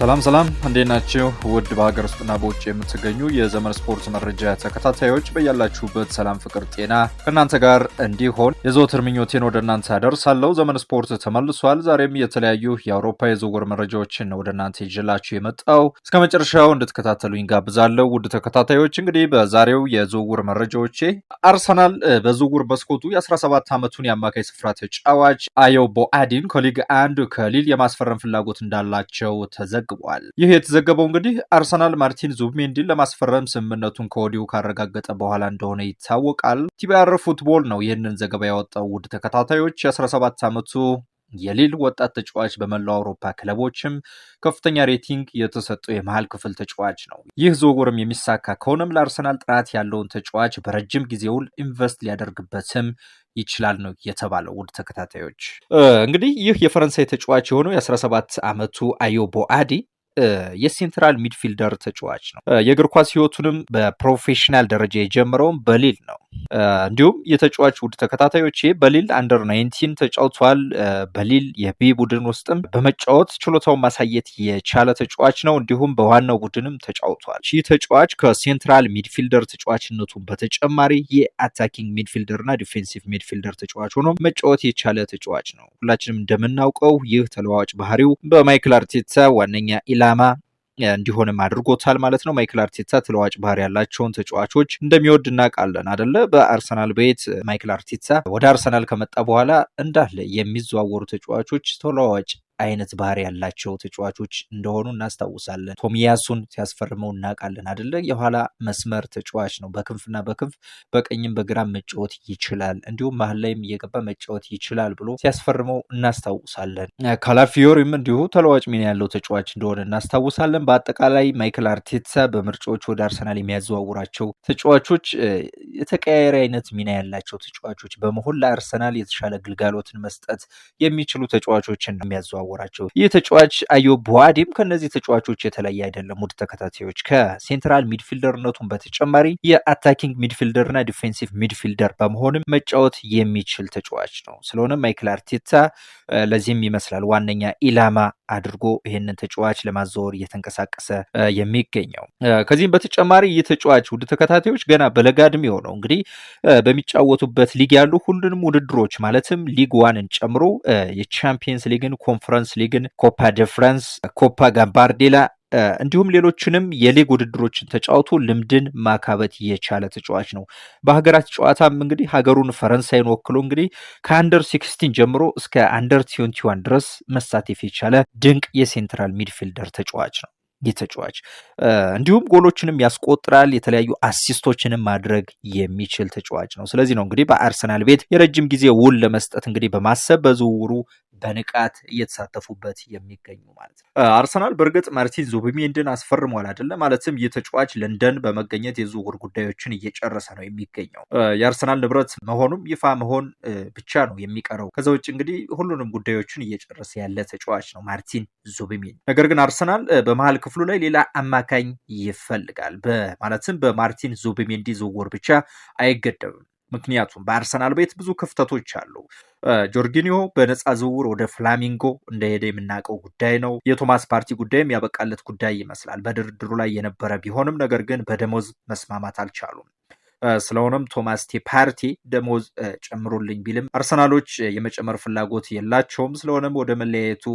ሰላም ሰላም፣ እንዴት ናችሁ? ውድ በሀገር ውስጥና በውጭ የምትገኙ የዘመን ስፖርት መረጃ ተከታታዮች በያላችሁበት ሰላም፣ ፍቅር፣ ጤና ከእናንተ ጋር እንዲሆን የዘወትር ምኞቴን ወደ እናንተ ያደርሳለሁ። ዘመን ስፖርት ተመልሷል። ዛሬም የተለያዩ የአውሮፓ የዝውውር መረጃዎችን ወደ እናንተ ይዤላችሁ የመጣው እስከ መጨረሻው እንድትከታተሉ ይጋብዛለሁ። ውድ ተከታታዮች እንግዲህ በዛሬው የዝውውር መረጃዎቼ አርሰናል በዝውውር መስኮቱ የ17 ዓመቱን የአማካይ ስፍራ ተጫዋች አዮ ቦአዲን ከሊግ አንድ ከሊል የማስፈረም ፍላጎት እንዳላቸው ተዘ ተዘግቧል። ይህ የተዘገበው እንግዲህ አርሰናል ማርቲን ዙብሜንዲን ለማስፈረም ስምምነቱን ከወዲሁ ካረጋገጠ በኋላ እንደሆነ ይታወቃል። ቲቢአር ፉትቦል ነው ይህንን ዘገባ ያወጣው። ውድ ተከታታዮች የ17 ዓመቱ የሊል ወጣት ተጫዋች በመላው አውሮፓ ክለቦችም ከፍተኛ ሬቲንግ የተሰጠው የመሃል ክፍል ተጫዋች ነው። ይህ ዝውውርም የሚሳካ ከሆነም ለአርሰናል ጥራት ያለውን ተጫዋች በረጅም ጊዜ ኢንቨስት ሊያደርግበትም ይችላል ነው የተባለው። ውድ ተከታታዮች እንግዲህ ይህ የፈረንሳይ ተጫዋች የሆነው የ17 ዓመቱ አዮ ቦአዲ የሴንትራል ሚድፊልደር ተጫዋች ነው። የእግር ኳስ ህይወቱንም በፕሮፌሽናል ደረጃ የጀመረውም በሊል ነው። እንዲሁም የተጫዋች ውድ ተከታታዮቼ በሊል አንደር ናይንቲን ተጫውቷል። በሊል የቢ ቡድን ውስጥም በመጫወት ችሎታውን ማሳየት የቻለ ተጫዋች ነው። እንዲሁም በዋናው ቡድንም ተጫውቷል። ይህ ተጫዋች ከሴንትራል ሚድፊልደር ተጫዋችነቱን በተጨማሪ የአታኪንግ ሚድፊልደር እና ዲፌንሲቭ ሚድፊልደር ተጫዋች ሆኖ መጫወት የቻለ ተጫዋች ነው። ሁላችንም እንደምናውቀው ይህ ተለዋዋጭ ባህሪው በማይክል አርቴታ ዋነኛ ኢላማ እንዲሆንም አድርጎታል ማለት ነው። ማይክል አርቴታ ተለዋጭ ባህሪ ያላቸውን ተጫዋቾች እንደሚወድ እናውቃለን አደለ? በአርሰናል ቤት ማይክል አርቴታ ወደ አርሰናል ከመጣ በኋላ እንዳለ የሚዘዋወሩ ተጫዋቾች ተለዋጭ አይነት ባህሪ ያላቸው ተጫዋቾች እንደሆኑ እናስታውሳለን። ቶሚያሱን ሲያስፈርመው እናውቃለን አደለ? የኋላ መስመር ተጫዋች ነው። በክንፍና በክንፍ በቀኝም በግራም መጫወት ይችላል፣ እንዲሁም መሀል ላይም እየገባ መጫወት ይችላል ብሎ ሲያስፈርመው እናስታውሳለን። ካላፊዮሪም እንዲሁ ተለዋጭ ሚና ያለው ተጫዋች እንደሆነ እናስታውሳለን። በአጠቃላይ ማይክል አርቴታ በምርጫዎች ወደ አርሰናል የሚያዘዋውራቸው ተጫዋቾች የተቀያየሪ አይነት ሚና ያላቸው ተጫዋቾች በመሆን ለአርሰናል የተሻለ ግልጋሎትን መስጠት የሚችሉ ተጫዋቾችን የሚያዘዋ ያዘዋወራቸው። ይህ ተጫዋች አዮ ቡዋዴም ከእነዚህ ተጫዋቾች የተለየ አይደለም። ውድ ተከታታዮች ከሴንትራል ሚድፊልደርነቱን በተጨማሪ የአታኪንግ ሚድፊልደርና ዲፌንሲቭ ሚድፊልደር በመሆንም መጫወት የሚችል ተጫዋች ነው። ስለሆነ ማይክል አርቴታ ለዚህም ይመስላል ዋነኛ ኢላማ አድርጎ ይህንን ተጫዋች ለማዘወር እየተንቀሳቀሰ የሚገኘው። ከዚህም በተጨማሪ ይህ ተጫዋች ውድ ተከታታዮች ገና በለጋ እድሜ እንግዲህ በሚጫወቱበት ሊግ ያሉ ሁሉንም ውድድሮች ማለትም ሊግ ዋንን ጨምሮ የቻምፒየንስ ሊግን፣ ኮንፈረንስ ሊግን፣ ኮፓ ደ ፍራንስ፣ ኮፓ ጋምባርዴላ እንዲሁም ሌሎችንም የሊግ ውድድሮችን ተጫውቶ ልምድን ማካበት የቻለ ተጫዋች ነው። በሀገራት ጨዋታም እንግዲህ ሀገሩን ፈረንሳይን ወክሎ እንግዲህ ከአንደር ሲክስቲን ጀምሮ እስከ አንደር ትዌንቲዋን ድረስ መሳተፍ የቻለ ድንቅ የሴንትራል ሚድፊልደር ተጫዋች ነው። ይህ ተጫዋች እንዲሁም ጎሎችንም ያስቆጥራል። የተለያዩ አሲስቶችንም ማድረግ የሚችል ተጫዋች ነው። ስለዚህ ነው እንግዲህ በአርሰናል ቤት የረጅም ጊዜ ውል ለመስጠት እንግዲህ በማሰብ በዝውውሩ በንቃት እየተሳተፉበት የሚገኙ ማለት ነው። አርሰናል በእርግጥ ማርቲን ዙቢሜንዲን አስፈርሟል አይደለም። ማለትም ይህ ተጫዋች ለንደን በመገኘት የዝውውር ጉዳዮችን እየጨረሰ ነው የሚገኘው። የአርሰናል ንብረት መሆኑም ይፋ መሆን ብቻ ነው የሚቀረው። ከዛ ውጭ እንግዲህ ሁሉንም ጉዳዮችን እየጨረሰ ያለ ተጫዋች ነው ማርቲን ዙቢሜንዲ። ነገር ግን አርሰናል በመሀል ክፍሉ ላይ ሌላ አማካኝ ይፈልጋል። ማለትም በማርቲን ዙቢሜንዲ ዝውውር ብቻ አይገደብም። ምክንያቱም በአርሰናል ቤት ብዙ ክፍተቶች አሉ። ጆርጊኒዮ በነፃ ዝውውር ወደ ፍላሚንጎ እንደሄደ የምናውቀው ጉዳይ ነው። የቶማስ ፓርቲ ጉዳይም ያበቃለት ጉዳይ ይመስላል። በድርድሩ ላይ የነበረ ቢሆንም ነገር ግን በደሞዝ መስማማት አልቻሉም። ስለሆነም ቶማስ ቴ ፓርቲ ደሞዝ ጨምሩልኝ ቢልም አርሰናሎች የመጨመር ፍላጎት የላቸውም። ስለሆነም ወደ መለያየቱ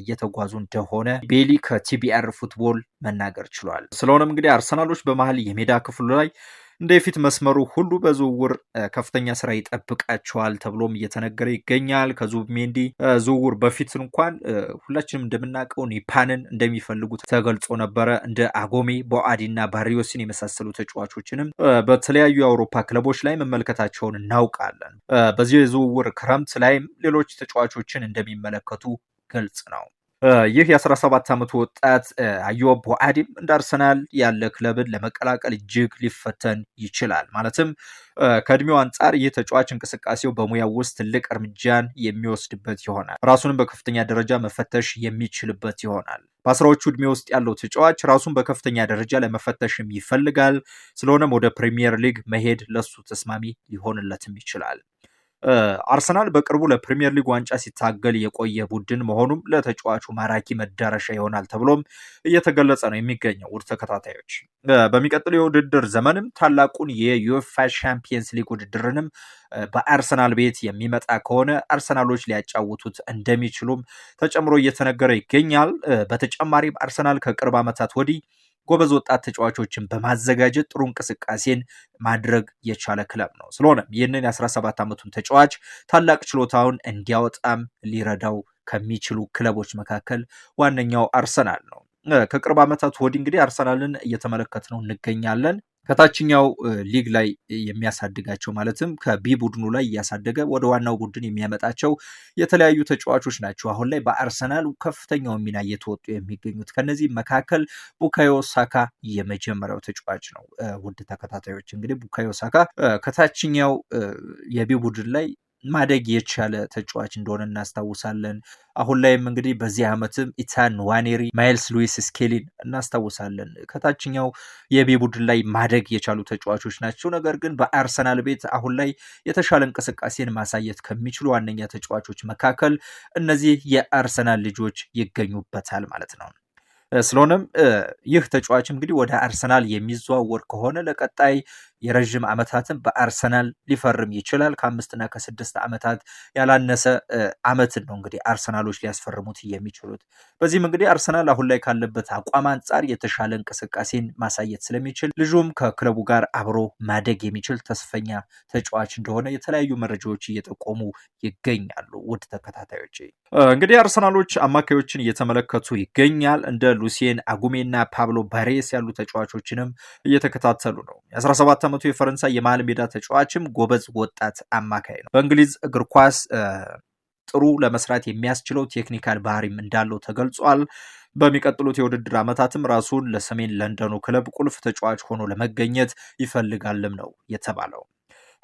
እየተጓዙ እንደሆነ ቤሊ ከቲቢአር ፉትቦል መናገር ችሏል። ስለሆነም እንግዲህ አርሰናሎች በመሀል የሜዳ ክፍሉ ላይ እንደ የፊት መስመሩ ሁሉ በዝውውር ከፍተኛ ስራ ይጠብቃቸዋል ተብሎም እየተነገረ ይገኛል። ሜንዲ ዝውውር በፊት እንኳን ሁላችንም እንደምናውቀው ኒፓንን እንደሚፈልጉት ተገልጾ ነበረ። እንደ አጎሜ ቦአዲ እና ባሪዮስን የመሳሰሉ ተጫዋቾችንም በተለያዩ የአውሮፓ ክለቦች ላይ መመልከታቸውን እናውቃለን። በዚህ የዝውውር ክረምት ላይም ሌሎች ተጫዋቾችን እንደሚመለከቱ ገልጽ ነው። ይህ የ17 ዓመቱ ወጣት አዮብ ቦአዲም እንደ አርሰናል ያለ ክለብን ለመቀላቀል እጅግ ሊፈተን ይችላል። ማለትም ከእድሜው አንጻር ይህ ተጫዋች እንቅስቃሴው በሙያው ውስጥ ትልቅ እርምጃን የሚወስድበት ይሆናል። ራሱንም በከፍተኛ ደረጃ መፈተሽ የሚችልበት ይሆናል። በአስራዎቹ እድሜ ውስጥ ያለው ተጫዋች ራሱን በከፍተኛ ደረጃ ለመፈተሽም ይፈልጋል። ስለሆነም ወደ ፕሪሚየር ሊግ መሄድ ለሱ ተስማሚ ሊሆንለትም ይችላል። አርሰናል በቅርቡ ለፕሪምየር ሊግ ዋንጫ ሲታገል የቆየ ቡድን መሆኑም ለተጫዋቹ ማራኪ መዳረሻ ይሆናል ተብሎም እየተገለጸ ነው የሚገኘው። ውድ ተከታታዮች በሚቀጥለው የውድድር ዘመንም ታላቁን የዩኤፋ ሻምፒየንስ ሊግ ውድድርንም በአርሰናል ቤት የሚመጣ ከሆነ አርሰናሎች ሊያጫውቱት እንደሚችሉም ተጨምሮ እየተነገረ ይገኛል። በተጨማሪም አርሰናል ከቅርብ ዓመታት ወዲህ ጎበዝ ወጣት ተጫዋቾችን በማዘጋጀት ጥሩ እንቅስቃሴን ማድረግ የቻለ ክለብ ነው። ስለሆነም ይህንን የ17 ዓመቱን ተጫዋች ታላቅ ችሎታውን እንዲያወጣም ሊረዳው ከሚችሉ ክለቦች መካከል ዋነኛው አርሰናል ነው። ከቅርብ ዓመታት ወዲህ እንግዲህ አርሰናልን እየተመለከት ነው እንገኛለን። ከታችኛው ሊግ ላይ የሚያሳድጋቸው ማለትም ከቢ ቡድኑ ላይ እያሳደገ ወደ ዋናው ቡድን የሚያመጣቸው የተለያዩ ተጫዋቾች ናቸው አሁን ላይ በአርሰናል ከፍተኛው ሚና እየተወጡ የሚገኙት። ከነዚህ መካከል ቡካዮ ሳካ የመጀመሪያው ተጫዋች ነው። ውድ ተከታታዮች እንግዲህ ቡካዮ ሳካ ከታችኛው የቢ ቡድን ላይ ማደግ የቻለ ተጫዋች እንደሆነ እናስታውሳለን። አሁን ላይም እንግዲህ በዚህ ዓመትም ኢታን ዋኔሪ፣ ማይልስ ሉዊስ ስኬሊን እናስታውሳለን። ከታችኛው የቤ ቡድን ላይ ማደግ የቻሉ ተጫዋቾች ናቸው። ነገር ግን በአርሰናል ቤት አሁን ላይ የተሻለ እንቅስቃሴን ማሳየት ከሚችሉ ዋነኛ ተጫዋቾች መካከል እነዚህ የአርሰናል ልጆች ይገኙበታል ማለት ነው። ስለሆነም ይህ ተጫዋች እንግዲህ ወደ አርሰናል የሚዘዋወር ከሆነ ለቀጣይ የረዥም ዓመታትን በአርሰናል ሊፈርም ይችላል። ከአምስትና ከስድስት ዓመታት ያላነሰ ዓመትን ነው እንግዲህ አርሰናሎች ሊያስፈርሙት የሚችሉት። በዚህም እንግዲህ አርሰናል አሁን ላይ ካለበት አቋም አንጻር የተሻለ እንቅስቃሴን ማሳየት ስለሚችል ልጁም ከክለቡ ጋር አብሮ ማደግ የሚችል ተስፈኛ ተጫዋች እንደሆነ የተለያዩ መረጃዎች እየጠቆሙ ይገኛሉ። ውድ ተከታታዮች እንግዲህ አርሰናሎች አማካዮችን እየተመለከቱ ይገኛል። እንደ ሉሲየን አጉሜና ፓብሎ ባሬስ ያሉ ተጫዋቾችንም እየተከታተሉ ነው። የ17 ዓመቱ የፈረንሳይ የመሃል ሜዳ ተጫዋችም ጎበዝ ወጣት አማካይ ነው። በእንግሊዝ እግር ኳስ ጥሩ ለመስራት የሚያስችለው ቴክኒካል ባህሪም እንዳለው ተገልጿል። በሚቀጥሉት የውድድር ዓመታትም ራሱን ለሰሜን ለንደኑ ክለብ ቁልፍ ተጫዋች ሆኖ ለመገኘት ይፈልጋልም ነው የተባለው።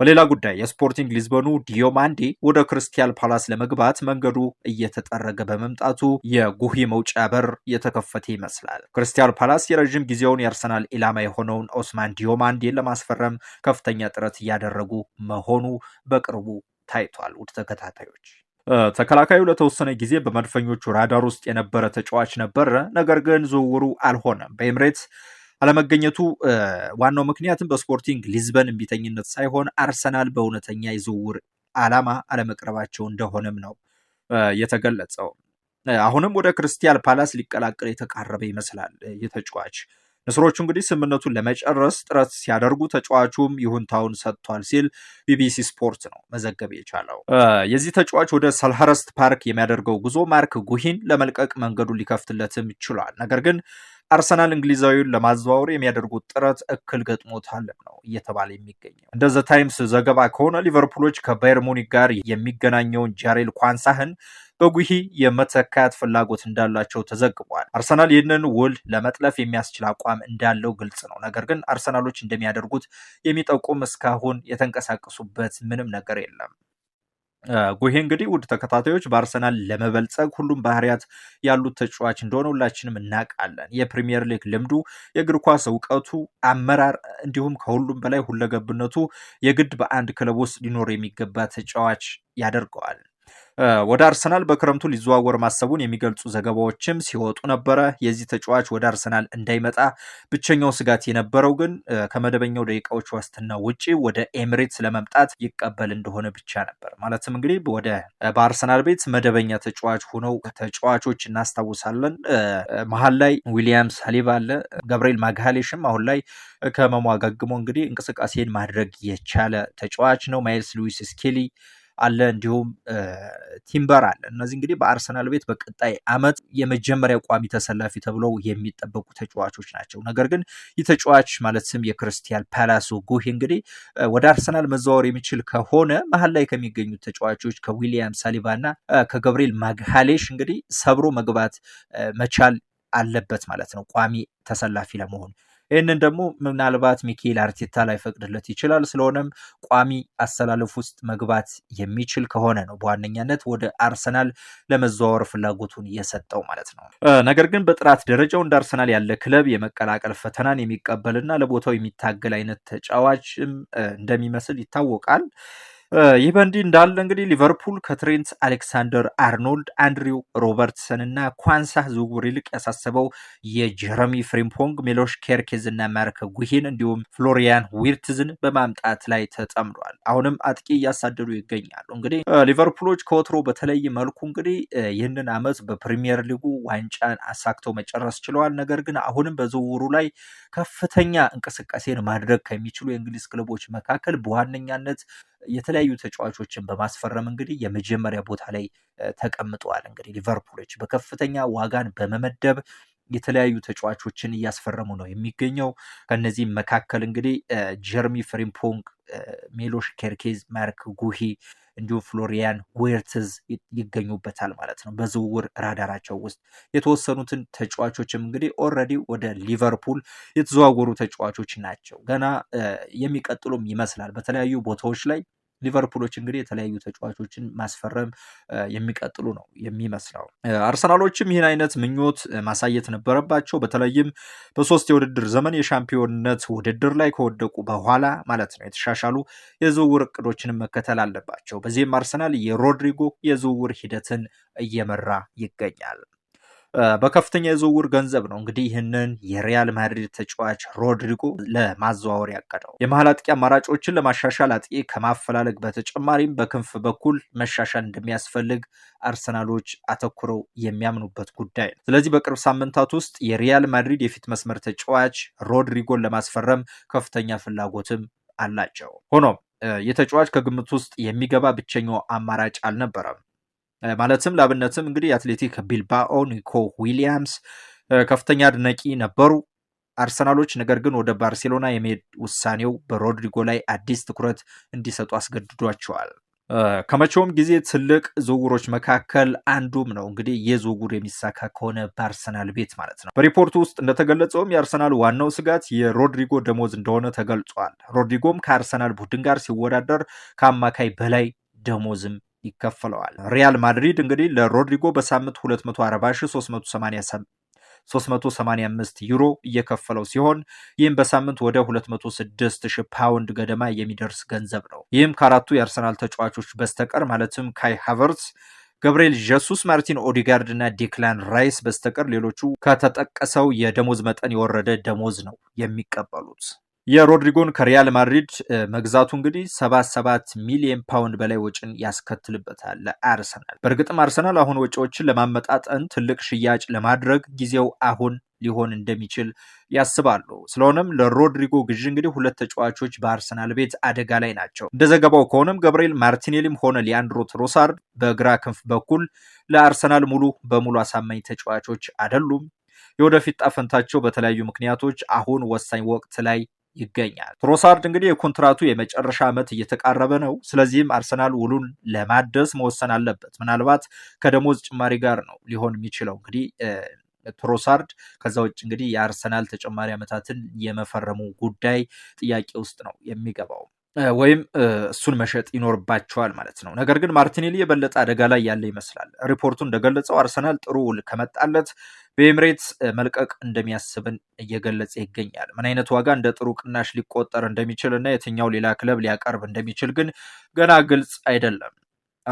በሌላ ጉዳይ የስፖርቲንግ ሊዝበኑ ዲዮማንዴ ወደ ክርስቲያል ፓላስ ለመግባት መንገዱ እየተጠረገ በመምጣቱ የጉሂ መውጫ በር የተከፈተ ይመስላል። ክርስቲያል ፓላስ የረዥም ጊዜውን የአርሰናል ኢላማ የሆነውን ኦስማን ዲዮማንዴን ለማስፈረም ከፍተኛ ጥረት እያደረጉ መሆኑ በቅርቡ ታይቷል። ውድ ተከታታዮች ተከላካዩ ለተወሰነ ጊዜ በመድፈኞቹ ራዳር ውስጥ የነበረ ተጫዋች ነበረ። ነገር ግን ዝውውሩ አልሆነም። በኤምሬትስ አለመገኘቱ ዋናው ምክንያትም በስፖርቲንግ ሊዝበን እምቢተኝነት ሳይሆን አርሰናል በእውነተኛ የዝውውር ዓላማ አለመቅረባቸው እንደሆነም ነው የተገለጸው። አሁንም ወደ ክርስቲያል ፓላስ ሊቀላቀል የተቃረበ ይመስላል የተጫዋች ንስሮቹ እንግዲህ ስምምነቱን ለመጨረስ ጥረት ሲያደርጉ ተጫዋቹም ይሁንታውን ሰጥቷል ሲል ቢቢሲ ስፖርት ነው መዘገብ የቻለው። የዚህ ተጫዋች ወደ ሰልኸርስት ፓርክ የሚያደርገው ጉዞ ማርክ ጉሂን ለመልቀቅ መንገዱን ሊከፍትለትም ችሏል። ነገር ግን አርሰናል እንግሊዛዊውን ለማዘዋወር የሚያደርጉት ጥረት እክል ገጥሞታል ነው እየተባለ የሚገኘው። እንደ ዘ ታይምስ ዘገባ ከሆነ ሊቨርፑሎች ከባየር ሙኒክ ጋር የሚገናኘውን ጃሬል ኳንሳህን በጉሂ የመተካት ፍላጎት እንዳላቸው ተዘግቧል። አርሰናል ይህንን ውል ለመጥለፍ የሚያስችል አቋም እንዳለው ግልጽ ነው። ነገር ግን አርሰናሎች እንደሚያደርጉት የሚጠቁም እስካሁን የተንቀሳቀሱበት ምንም ነገር የለም። ጉሄ እንግዲህ ውድ ተከታታዮች በአርሰናል ለመበልጸግ ሁሉም ባህሪያት ያሉት ተጫዋች እንደሆነ ሁላችንም እናውቃለን። የፕሪሚየር ሊግ ልምዱ፣ የእግር ኳስ እውቀቱ፣ አመራር እንዲሁም ከሁሉም በላይ ሁለገብነቱ የግድ በአንድ ክለብ ውስጥ ሊኖር የሚገባ ተጫዋች ያደርገዋል። ወደ አርሰናል በክረምቱ ሊዘዋወር ማሰቡን የሚገልጹ ዘገባዎችም ሲወጡ ነበረ። የዚህ ተጫዋች ወደ አርሰናል እንዳይመጣ ብቸኛው ስጋት የነበረው ግን ከመደበኛው ደቂቃዎች ዋስትና ውጪ ወደ ኤምሬትስ ለመምጣት ይቀበል እንደሆነ ብቻ ነበር። ማለትም እንግዲህ ወደ በአርሰናል ቤት መደበኛ ተጫዋች ሆነው ተጫዋቾች እናስታውሳለን። መሀል ላይ ዊሊያም ሳሊባ አለ፣ ገብርኤል ማግሃሌሽም አሁን ላይ አጋግሞ እንግዲህ እንቅስቃሴን ማድረግ የቻለ ተጫዋች ነው። ማይልስ ሉዊስ ስኬሊ አለ፣ እንዲሁም ቲምበር አለ። እነዚህ እንግዲህ በአርሰናል ቤት በቀጣይ ዓመት የመጀመሪያ ቋሚ ተሰላፊ ተብለው የሚጠበቁ ተጫዋቾች ናቸው። ነገር ግን ይህ ተጫዋች ማለትም የክርስቲያን ፓላሱ ጉሂ እንግዲህ ወደ አርሰናል መዘዋወር የሚችል ከሆነ መሀል ላይ ከሚገኙት ተጫዋቾች ከዊሊያም ሳሊባ እና ከገብርኤል ማግሃሌሽ እንግዲህ ሰብሮ መግባት መቻል አለበት ማለት ነው ቋሚ ተሰላፊ ለመሆን ይህንን ደግሞ ምናልባት ሚኬል አርቴታ ላይ ፈቅድለት ይችላል። ስለሆነም ቋሚ አሰላለፍ ውስጥ መግባት የሚችል ከሆነ ነው በዋነኛነት ወደ አርሰናል ለመዘዋወር ፍላጎቱን እየሰጠው ማለት ነው። ነገር ግን በጥራት ደረጃው እንደ አርሰናል ያለ ክለብ የመቀላቀል ፈተናን የሚቀበልና ለቦታው የሚታገል አይነት ተጫዋችም እንደሚመስል ይታወቃል። ይህ በእንዲህ እንዳለ እንግዲህ ሊቨርፑል ከትሬንት አሌክሳንደር አርኖልድ፣ አንድሪው ሮበርትሰን እና ኳንሳ ዝውውር ይልቅ ያሳሰበው የጀረሚ ፍሪምፖንግ፣ ሜሎሽ ኬርኬዝ እና ማርክ ጉሂን እንዲሁም ፍሎሪያን ዊርትዝን በማምጣት ላይ ተጠምዷል። አሁንም አጥቂ እያሳደዱ ይገኛሉ። እንግዲህ ሊቨርፑሎች ከወትሮ በተለይ መልኩ እንግዲህ ይህንን አመት በፕሪሚየር ሊጉ ዋንጫን አሳክተው መጨረስ ችለዋል። ነገር ግን አሁንም በዝውውሩ ላይ ከፍተኛ እንቅስቃሴን ማድረግ ከሚችሉ የእንግሊዝ ክለቦች መካከል በዋነኛነት የተለያዩ ተጫዋቾችን በማስፈረም እንግዲህ የመጀመሪያ ቦታ ላይ ተቀምጠዋል። እንግዲህ ሊቨርፑሎች በከፍተኛ ዋጋን በመመደብ የተለያዩ ተጫዋቾችን እያስፈረሙ ነው የሚገኘው። ከነዚህም መካከል እንግዲህ ጀርሚ ፍሪምፖንግ፣ ሜሎሽ ኬርኬዝ፣ ማርክ ጉሂ እንዲሁም ፍሎሪያን ዌርትዝ ይገኙበታል ማለት ነው። በዝውውር ራዳራቸው ውስጥ የተወሰኑትን ተጫዋቾችም እንግዲህ ኦልሬዲ ወደ ሊቨርፑል የተዘዋወሩ ተጫዋቾች ናቸው። ገና የሚቀጥሉም ይመስላል በተለያዩ ቦታዎች ላይ ሊቨርፑሎች እንግዲህ የተለያዩ ተጫዋቾችን ማስፈረም የሚቀጥሉ ነው የሚመስለው። አርሰናሎችም ይህን አይነት ምኞት ማሳየት ነበረባቸው። በተለይም በሶስት የውድድር ዘመን የሻምፒዮንነት ውድድር ላይ ከወደቁ በኋላ ማለት ነው የተሻሻሉ የዝውውር እቅዶችንም መከተል አለባቸው። በዚህም አርሰናል የሮድሪጎ የዝውውር ሂደትን እየመራ ይገኛል። በከፍተኛ የዝውውር ገንዘብ ነው እንግዲህ ይህንን የሪያል ማድሪድ ተጫዋች ሮድሪጎ ለማዘዋወር ያቀደው። የመሀል አጥቂ አማራጮችን ለማሻሻል አጥቂ ከማፈላለግ በተጨማሪም በክንፍ በኩል መሻሻል እንደሚያስፈልግ አርሰናሎች አተኩረው የሚያምኑበት ጉዳይ ነው። ስለዚህ በቅርብ ሳምንታት ውስጥ የሪያል ማድሪድ የፊት መስመር ተጫዋች ሮድሪጎን ለማስፈረም ከፍተኛ ፍላጎትም አላቸው። ሆኖም የተጫዋች ከግምት ውስጥ የሚገባ ብቸኛው አማራጭ አልነበረም። ማለትም ለአብነትም እንግዲህ የአትሌቲክ ቢልባኦ ኒኮ ዊሊያምስ ከፍተኛ አድናቂ ነበሩ አርሰናሎች። ነገር ግን ወደ ባርሴሎና የመሄድ ውሳኔው በሮድሪጎ ላይ አዲስ ትኩረት እንዲሰጡ አስገድዷቸዋል። ከመቼውም ጊዜ ትልቅ ዝውውሮች መካከል አንዱም ነው። እንግዲህ ይህ ዝውውር የሚሳካ ከሆነ በአርሰናል ቤት ማለት ነው። በሪፖርቱ ውስጥ እንደተገለጸውም የአርሰናል ዋናው ስጋት የሮድሪጎ ደሞዝ እንደሆነ ተገልጿል። ሮድሪጎም ከአርሰናል ቡድን ጋር ሲወዳደር ከአማካይ በላይ ደሞዝም ይከፈለዋል። ሪያል ማድሪድ እንግዲህ ለሮድሪጎ በሳምንት 245 ዩሮ እየከፈለው ሲሆን ይህም በሳምንት ወደ 206 ፓውንድ ገደማ የሚደርስ ገንዘብ ነው። ይህም ከአራቱ የአርሰናል ተጫዋቾች በስተቀር ማለትም ካይ ሃቨርትስ ገብርኤል ጀሱስ፣ ማርቲን ኦዲጋርድ እና ዴክላን ራይስ በስተቀር ሌሎቹ ከተጠቀሰው የደሞዝ መጠን የወረደ ደሞዝ ነው የሚቀበሉት። የሮድሪጎን ከሪያል ማድሪድ መግዛቱ እንግዲህ 77 ሚሊዮን ሚሊየን ፓውንድ በላይ ወጪን ያስከትልበታል ለአርሰናል። በእርግጥም አርሰናል አሁን ወጪዎችን ለማመጣጠን ትልቅ ሽያጭ ለማድረግ ጊዜው አሁን ሊሆን እንደሚችል ያስባሉ። ስለሆነም ለሮድሪጎ ግዥ እንግዲህ ሁለት ተጫዋቾች በአርሰናል ቤት አደጋ ላይ ናቸው። እንደ ዘገባው ከሆነም ገብርኤል ማርቲኔሊም ሆነ ሊያንድሮ ትሮሳርድ በግራ ክንፍ በኩል ለአርሰናል ሙሉ በሙሉ አሳማኝ ተጫዋቾች አይደሉም። የወደፊት ጣፈንታቸው በተለያዩ ምክንያቶች አሁን ወሳኝ ወቅት ላይ ይገኛል። ትሮሳርድ እንግዲህ የኮንትራቱ የመጨረሻ ዓመት እየተቃረበ ነው። ስለዚህም አርሰናል ውሉን ለማደስ መወሰን አለበት። ምናልባት ከደሞዝ ጭማሪ ጋር ነው ሊሆን የሚችለው እንግዲህ ትሮሳርድ ከዛ ውጭ እንግዲህ የአርሰናል ተጨማሪ ዓመታትን የመፈረሙ ጉዳይ ጥያቄ ውስጥ ነው የሚገባው። ወይም እሱን መሸጥ ይኖርባቸዋል ማለት ነው። ነገር ግን ማርቲኔሊ የበለጠ አደጋ ላይ ያለ ይመስላል። ሪፖርቱ እንደገለጸው አርሰናል ጥሩ ውል ከመጣለት በኤምሬትስ መልቀቅ እንደሚያስብን እየገለጸ ይገኛል። ምን አይነት ዋጋ እንደ ጥሩ ቅናሽ ሊቆጠር እንደሚችል እና የትኛው ሌላ ክለብ ሊያቀርብ እንደሚችል ግን ገና ግልጽ አይደለም።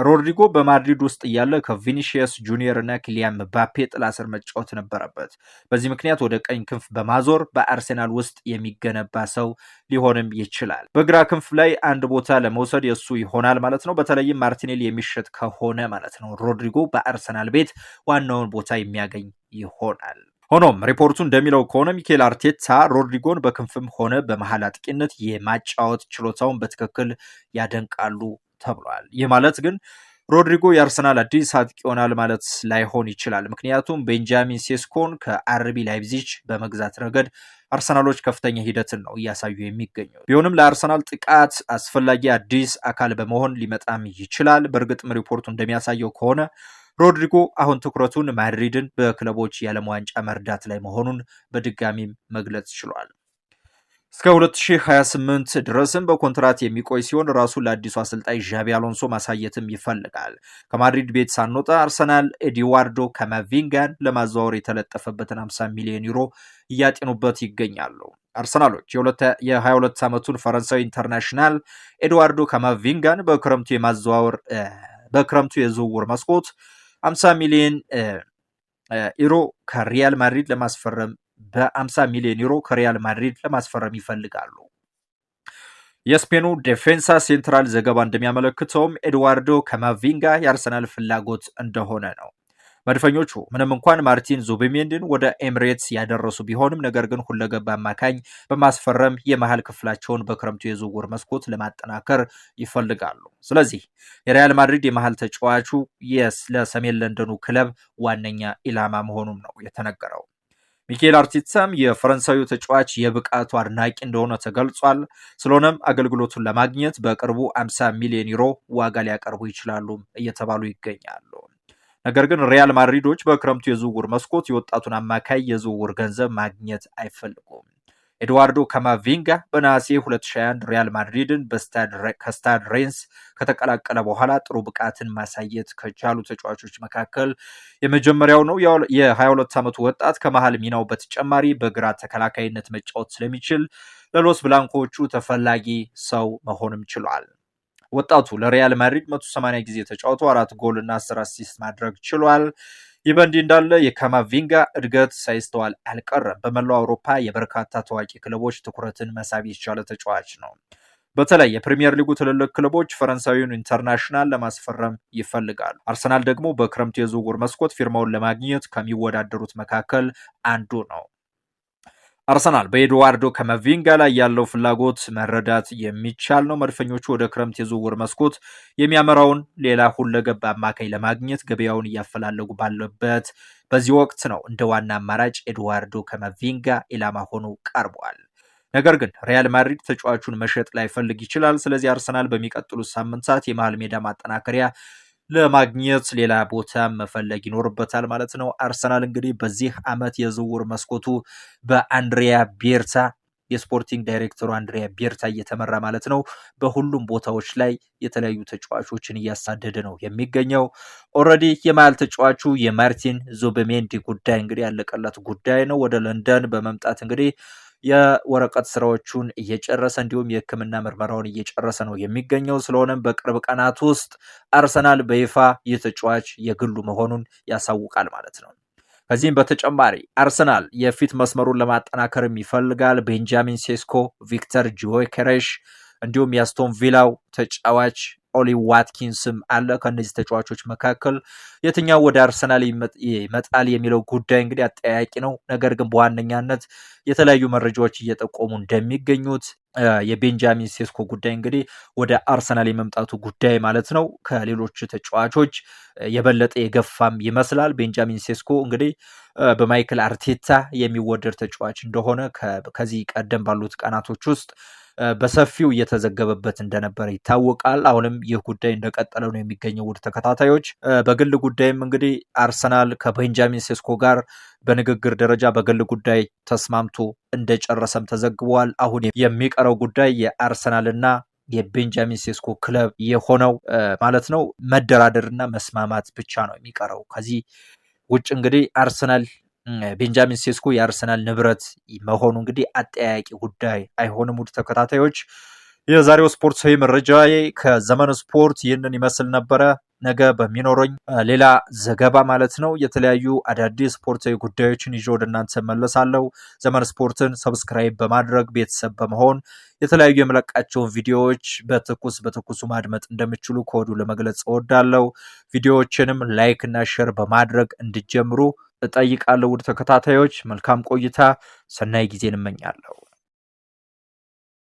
ሮድሪጎ በማድሪድ ውስጥ እያለ ከቪኒሽየስ ጁኒየር እና ኪሊያን ምባፔ ጥላ ስር መጫወት ነበረበት። በዚህ ምክንያት ወደ ቀኝ ክንፍ በማዞር በአርሴናል ውስጥ የሚገነባ ሰው ሊሆንም ይችላል። በግራ ክንፍ ላይ አንድ ቦታ ለመውሰድ የእሱ ይሆናል ማለት ነው። በተለይም ማርቲኔል የሚሸጥ ከሆነ ማለት ነው ሮድሪጎ በአርሰናል ቤት ዋናውን ቦታ የሚያገኝ ይሆናል። ሆኖም ሪፖርቱ እንደሚለው ከሆነ ሚኬል አርቴታ ሮድሪጎን በክንፍም ሆነ በመሀል አጥቂነት የማጫወት ችሎታውን በትክክል ያደንቃሉ ተብሏል። ይህ ማለት ግን ሮድሪጎ የአርሰናል አዲስ አጥቂ ይሆናል ማለት ላይሆን ይችላል። ምክንያቱም ቤንጃሚን ሴስኮን ከአርቢ ላይፕዚች በመግዛት ረገድ አርሰናሎች ከፍተኛ ሂደትን ነው እያሳዩ የሚገኘው። ቢሆንም ለአርሰናል ጥቃት አስፈላጊ አዲስ አካል በመሆን ሊመጣም ይችላል። በእርግጥም ሪፖርቱ እንደሚያሳየው ከሆነ ሮድሪጎ አሁን ትኩረቱን ማድሪድን በክለቦች የዓለም ዋንጫ መርዳት ላይ መሆኑን በድጋሚም መግለጽ ችሏል። እስከ 2028 ድረስም በኮንትራት የሚቆይ ሲሆን ራሱን ለአዲሱ አሰልጣኝ ዣቢ አሎንሶ ማሳየትም ይፈልጋል። ከማድሪድ ቤት ሳንወጣ አርሰናል ኤዲዋርዶ ካማቪንጋን ለማዘዋወር የተለጠፈበትን 50 ሚሊዮን ዩሮ እያጤኑበት ይገኛሉ። አርሰናሎች የ22 ዓመቱን ፈረንሳዊ ኢንተርናሽናል ኤድዋርዶ ካማቪንጋን በክረምቱ የማዘዋወር በክረምቱ የዝውውር መስኮት 50 ሚሊዮን ኢሮ ከሪያል ማድሪድ ለማስፈረም በ50 ሚሊዮን ዩሮ ከሪያል ማድሪድ ለማስፈረም ይፈልጋሉ። የስፔኑ ዴፌንሳ ሴንትራል ዘገባ እንደሚያመለክተውም ኤድዋርዶ ከማቪንጋ የአርሰናል ፍላጎት እንደሆነ ነው። መድፈኞቹ ምንም እንኳን ማርቲን ዙቢሜንድን ወደ ኤምሬትስ ያደረሱ ቢሆንም ነገር ግን ሁለገብ አማካኝ በማስፈረም የመሀል ክፍላቸውን በክረምቱ የዝውውር መስኮት ለማጠናከር ይፈልጋሉ። ስለዚህ የሪያል ማድሪድ የመሃል ተጫዋቹ ለሰሜን ለንደኑ ክለብ ዋነኛ ኢላማ መሆኑም ነው የተነገረው። ሚካኤል አርቴታም የፈረንሳዩ ተጫዋች የብቃቱ አድናቂ እንደሆነ ተገልጿል። ስለሆነም አገልግሎቱን ለማግኘት በቅርቡ 50 ሚሊዮን ዩሮ ዋጋ ሊያቀርቡ ይችላሉ እየተባሉ ይገኛሉ። ነገር ግን ሪያል ማድሪዶች በክረምቱ የዝውውር መስኮት የወጣቱን አማካይ የዝውውር ገንዘብ ማግኘት አይፈልጉም። ኤድዋርዶ ካማቪንጋ በነሐሴ 2021 ሪያል ማድሪድን ከስታድ ሬንስ ከተቀላቀለ በኋላ ጥሩ ብቃትን ማሳየት ከቻሉ ተጫዋቾች መካከል የመጀመሪያው ነው። የ22 ዓመቱ ወጣት ከመሃል ሚናው በተጨማሪ በግራ ተከላካይነት መጫወት ስለሚችል ለሎስ ብላንኮቹ ተፈላጊ ሰው መሆንም ችሏል። ወጣቱ ለሪያል ማድሪድ 180 ጊዜ ተጫውቶ አራት ጎል እና 10 አሲስት ማድረግ ችሏል። ይህ በእንዲህ እንዳለ የካማቪንጋ እድገት ሳይስተዋል አልቀረም። በመላው አውሮፓ የበርካታ ታዋቂ ክለቦች ትኩረትን መሳብ የቻለ ተጫዋች ነው። በተለይ የፕሪምየር ሊጉ ትልልቅ ክለቦች ፈረንሳዊውን ኢንተርናሽናል ለማስፈረም ይፈልጋሉ። አርሰናል ደግሞ በክረምቱ የዝውውር መስኮት ፊርማውን ለማግኘት ከሚወዳደሩት መካከል አንዱ ነው። አርሰናል በኤድዋርዶ ከመቪንጋ ላይ ያለው ፍላጎት መረዳት የሚቻል ነው። መድፈኞቹ ወደ ክረምት የዝውውር መስኮት የሚያመራውን ሌላ ሁለገብ አማካኝ ለማግኘት ገበያውን እያፈላለጉ ባለበት በዚህ ወቅት ነው እንደ ዋና አማራጭ ኤድዋርዶ ከመቪንጋ ኢላማ ሆኖ ቀርቧል። ነገር ግን ሪያል ማድሪድ ተጫዋቹን መሸጥ ላይፈልግ ይችላል። ስለዚህ አርሰናል በሚቀጥሉት ሳምንታት የመሃል ሜዳ ማጠናከሪያ ለማግኘት ሌላ ቦታ መፈለግ ይኖርበታል ማለት ነው። አርሰናል እንግዲህ በዚህ ዓመት የዝውውር መስኮቱ በአንድሪያ ቤርታ የስፖርቲንግ ዳይሬክተሩ አንድሪያ ቤርታ እየተመራ ማለት ነው በሁሉም ቦታዎች ላይ የተለያዩ ተጫዋቾችን እያሳደደ ነው የሚገኘው። ኦልሬዲ የመሃል ተጫዋቹ የማርቲን ዙብሜንዲ ጉዳይ እንግዲህ ያለቀለት ጉዳይ ነው። ወደ ለንደን በመምጣት እንግዲህ የወረቀት ስራዎቹን እየጨረሰ እንዲሁም የሕክምና ምርመራውን እየጨረሰ ነው የሚገኘው። ስለሆነም በቅርብ ቀናት ውስጥ አርሰናል በይፋ ይህ ተጫዋች የግሉ መሆኑን ያሳውቃል ማለት ነው። ከዚህም በተጨማሪ አርሰናል የፊት መስመሩን ለማጠናከርም ይፈልጋል። ቤንጃሚን ሴስኮ፣ ቪክተር ጂዮኬሬሽ እንዲሁም የአስቶን ቪላው ተጫዋች ኦሊ ዋትኪንስም አለ። ከእነዚህ ተጫዋቾች መካከል የትኛው ወደ አርሰናል ይመጣል የሚለው ጉዳይ እንግዲህ አጠያያቂ ነው። ነገር ግን በዋነኛነት የተለያዩ መረጃዎች እየጠቆሙ እንደሚገኙት የቤንጃሚን ሴስኮ ጉዳይ እንግዲህ ወደ አርሰናል የመምጣቱ ጉዳይ ማለት ነው ከሌሎች ተጫዋቾች የበለጠ የገፋም ይመስላል። ቤንጃሚን ሴስኮ እንግዲህ በማይክል አርቴታ የሚወደድ ተጫዋች እንደሆነ ከዚህ ቀደም ባሉት ቀናቶች ውስጥ በሰፊው እየተዘገበበት እንደነበረ ይታወቃል። አሁንም ይህ ጉዳይ እንደቀጠለ ነው የሚገኘው። ውድ ተከታታዮች፣ በግል ጉዳይም እንግዲህ አርሰናል ከቤንጃሚን ሴስኮ ጋር በንግግር ደረጃ በግል ጉዳይ ተስማምቶ እንደጨረሰም ተዘግበዋል። አሁን የሚቀረው ጉዳይ የአርሰናልና የቤንጃሚን ሴስኮ ክለብ የሆነው ማለት ነው መደራደርና መስማማት ብቻ ነው የሚቀረው። ከዚህ ውጭ እንግዲህ አርሰናል ቤንጃሚን ሴስኮ የአርሰናል ንብረት መሆኑ እንግዲህ አጠያቂ ጉዳይ አይሆንም። ውድ ተከታታዮች የዛሬው ስፖርታዊ መረጃ ከዘመን ስፖርት ይህንን ይመስል ነበረ። ነገ በሚኖረኝ ሌላ ዘገባ ማለት ነው የተለያዩ አዳዲስ ስፖርታዊ ጉዳዮችን ይዤ ወደ እናንተ መለሳለሁ። ዘመን ስፖርትን ሰብስክራይብ በማድረግ ቤተሰብ በመሆን የተለያዩ የምለቃቸውን ቪዲዮዎች በትኩስ በትኩሱ ማድመጥ እንደሚችሉ ከወዱ ለመግለጽ እወዳለሁ። ቪዲዮዎችንም ላይክ እና ሼር በማድረግ እንዲጀምሩ እጠይቃለሁ። ውድ ተከታታዮች መልካም ቆይታ፣ ሰናይ ጊዜ እንመኛለሁ።